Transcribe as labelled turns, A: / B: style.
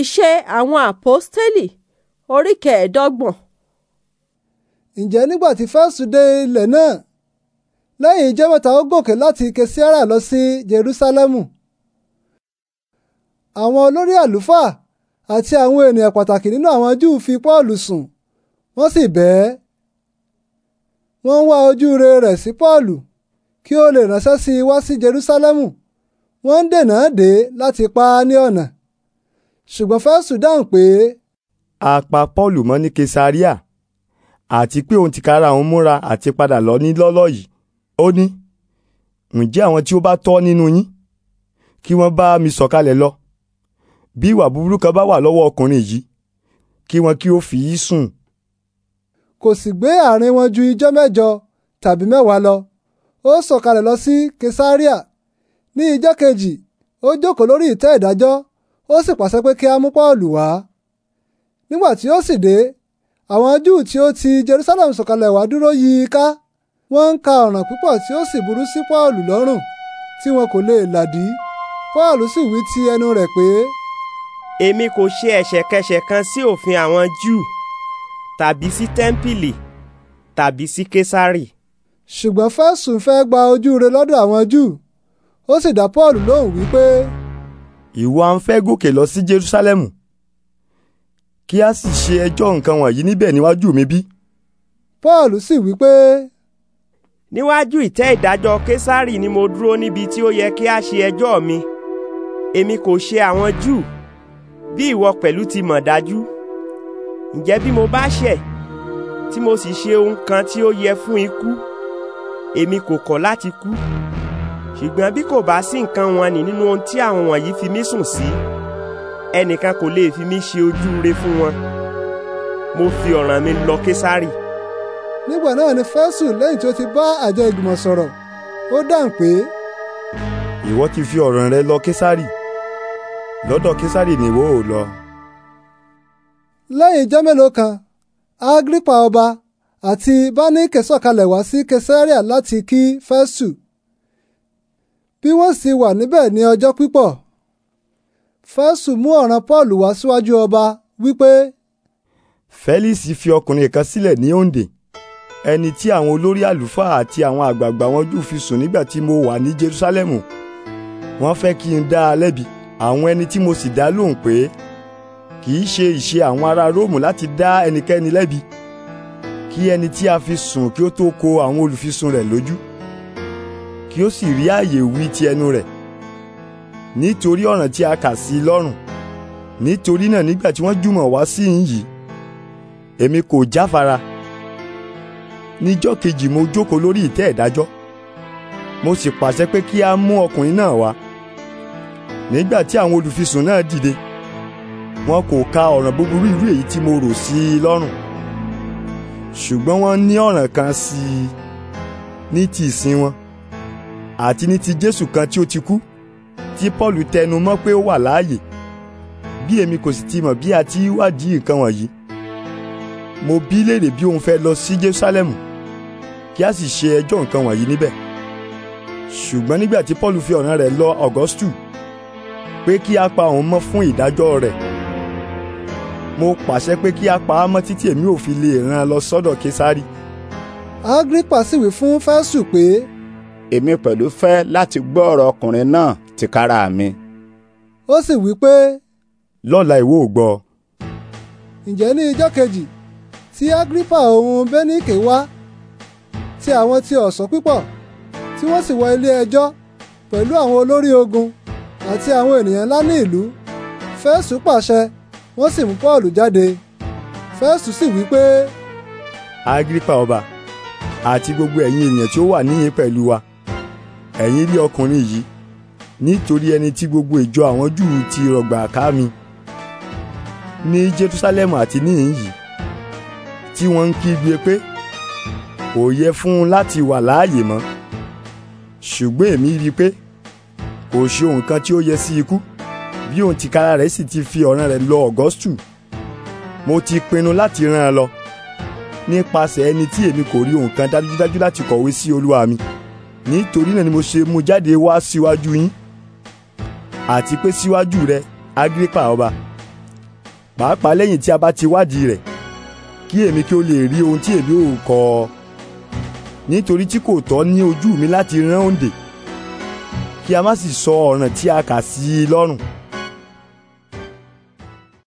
A: Iṣẹ́ àwọn Àpọ́stélì orí kẹẹ̀ẹ́dọ́gbọ̀n. Ǹjẹ́ nígbà tí Fẹ́sù dé ilẹ̀ náà, lẹ́yìn ijọ́ mẹ́ta ó gòkè láti Kesiara lọ sí Jerúsálẹ́mù. Àwọn olórí àlùfáà àti àwọn ènìyàn pàtàkì nínú àwọn Júù fi Pọ́ọ̀lù sùn, wọ́n sì bẹ̀ ẹ́. Wọ́n ń wá ojúure rẹ̀ sí Pọ́ọ̀lù kí ó lè ránṣẹ́ sí i wá sí Jerúsálẹ́mù. Wọ́n ń dènà dè láti pa á ní ọ̀nà
B: ṣùgbọ́n fásitù dáhùn pé. a paul mọ́ ní kesaria àti pé òun ti kára òun múra àti padà lọ ní lọ́lọ́ yìí ó ní ǹjẹ́ àwọn tí ó bá tọ́ nínú yín kí wọ́n bá mi sọ̀kalẹ̀ lọ bí ìwà búburú kan bá wà lọ́wọ́ ọkùnrin yìí kí wọn kí ó fi í sùn.
A: kò sì gbé àárín wọn ju ijọ́ mẹ́jọ tàbí mẹ́wàá lọ ó sọ̀kalẹ̀ lọ sí kesaria ní ijọ́ kejì ó jókòó lórí ìtẹ́ ìdájọ́ ó sì pàṣẹ pé kí a mú Pọ́ọ̀lù wá nígbà tí ó sì dé àwọn Júù tí ó ti Jerusalem sọ̀kalẹ̀ wá dúró yí i ká wọ́n ń ka ọ̀ràn púpọ̀ tí ó sì burú sí Pọ́ọ̀lù lọ́rùn tí wọn kò lè làdí
C: Pọ́ọ̀lù sì wí ti ẹnu rẹ̀ pé. èmi kò ṣe ẹ̀ṣẹ̀kẹṣẹ̀ kan sí òfin àwọn Júù tàbí sí tẹ́ḿpìlì tàbí sí Késárì.
A: ṣùgbọ́n fẹ́sùn fẹ́ gba ojúure lọ́dọ̀
B: àwọn Júù ó sì dá Pọ́ọ̀lù lóhùn wípé ìwọ à ń fẹ́ gòkè lọ sí Jerúsálẹ́mù kí a sì ṣe ẹjọ́ nǹkan wọ̀nyí níbẹ̀ níwájú mi bí.
C: Paul sì wí pé. níwájú ìtẹ́ ìdájọ́ Késárì ni mo dúró níbi tí ó yẹ kí a ṣe ẹjọ́ mi èmi kò ṣe àwọn Júù bí ìwọ pẹ̀lú ti mọ̀ dájú ǹjẹ́ bí mo bá ṣẹ̀ tí mo sì ṣe ohun kan tí ó yẹ fún ikú èmi kò kọ̀ láti kú ṣùgbọ́n bí kò bá sí nǹkan wọn ní nínú ohun tí àwọn wọ̀nyí fi mí sùn sí ẹnìkan kò lè fi mí ṣe ojúure fún wọn mo fi ọ̀ràn mi lọ Késárì.
A: nígbà náà ni Fésù lẹ́yìn tí ó ti bá àjọ ìgbìmọ̀ sọ̀rọ̀ ó dáhùn pé.
B: ìwọ ti fi ọ̀ràn rẹ lọ Késárì lọ́dọ̀ Késárì ni ìwọ ò lọ.
A: lẹ́yìn ijọ́ mélòó kan Agripa ọba àti Báníkè sọ̀kalẹ̀ wá sí Késárì láti kí Fésù bí wọ́n sì wà níbẹ̀ ní ọjọ́ pípọ̀ fẹ́sù mú ọ̀ràn paul wá síwájú ọba wípé.
B: fẹ́líìsì fi ọkùnrin kan sílẹ̀ ní òǹdè ẹni tí àwọn olórí àlùfáà àti àwọn àgbààgbà wọn jù fi sùn nígbà tí mo wà ní jerúsálẹ́mù wọ́n fẹ́ kí n dá a lẹ́bi àwọn ẹni tí mo sì dá lóhùn pé kì í ṣe ìṣe àwọn ará róòmù láti dá ẹnikẹ́ni lẹ́bi kí ẹni tí a fi sùn kí ó tó ko àwọn olùfisùn rẹ̀ lójú kí ó sì rí ààyè wí ti ẹnu rẹ̀ nítorí ọ̀ràn tí a kà sí i lọ́rùn nítorí náà nígbà tí wọ́n jùmọ̀ wá sí i yìí èmi kò jáfara níjọ́ kejì mo jókòó lórí ìtẹ́ ìdájọ́ mo sì pàṣẹ pé kí a mú ọkùnrin náà wá nígbà tí àwọn olùfisùn náà dìde wọn kò ka ọ̀ràn búburú irú èyí tí mo rò sí i lọ́rùn ṣùgbọ́n wọ́n ní ọ̀ràn kan sí i ní ti ìsìn wọn àti ní ti Jésù kan tí ó ti kú tí Paul tẹnu mọ́ pé ó wà láàyè bí èmi kò sì ti mọ̀ bí a ti wádìí nǹkan wọ̀nyí mo bí léèrè bí òun fẹ́ lọ sí Jerúsálẹ́mù kí a sì ṣe ẹjọ́ nǹkan wọ̀nyí níbẹ̀ ṣùgbọ́n nígbà tí Paul fi ọ̀ràn rẹ̀ lọ Augustu pé kí a pa òun mọ́ fún ìdájọ́ rẹ̀ mo pàṣẹ pé kí a pa á mọ́ títí èmi ò fi lè ràn án lọ sọ́dọ̀ Kesari. Agrippa sì wí fún Fésù pé èmi pẹ̀lú fẹ́ láti gbọ́ ọ̀rọ̀ ọkùnrin náà tìkára mi. ó sì wí pé. lọ́la ìwọ ò gbọ́.
A: ǹjẹ́ ní ijọ́ kejì tí Agripa òun Bẹ́níkè wá ti àwọn ti ọ̀sán pípọ̀ tí wọ́n sì wọ ilé ẹjọ́ pẹ̀lú àwọn olórí ogun àti àwọn ènìyàn ńlá ní ìlú Fẹ́sù pàṣẹ wọ́n sì mú Pọ́ọ̀lù jáde Fẹ́sù sì wí pé.
B: Agripa ọba àti gbogbo ẹ̀yin ènìyàn tí ó wà níyìn pẹ̀lú wa ẹ̀yin rí ọkùnrin yìí nítorí ẹni tí gbogbo ìjọ àwọn júù ti rọgbà ká mi ní jerusalem àti níhìn yìí tí wọ́n ń kígbe pé kò yẹ fún un láti wà láàyè mọ́ ṣùgbọ́n èmi rí i pé kò ṣe ohun kan tí ó yẹ sí ikú bí òun tìkára rẹ̀ sì ti fi ọ̀ràn rẹ̀ lọ augustu mo ti pinnu láti rán an lọ nípasẹ̀ ẹni tí èmi kò rí ohun kan dájúdájú láti kọ̀wé sí olúwa mi nítorí náà ni mo ṣe mú jáde wá síwájú yín àti pé síwájú rẹ Agiripa ọba pàápàá lẹ́yìn tí a bá ti wádìí rẹ̀ kí èmi kí o lè rí ohun tí èmi ò kọ ọ nítorí tí kò tọ́ ní ojú mi láti rán òǹdè kí a má sì sọ ọ̀ràn tí a kà sí i lọ́rùn.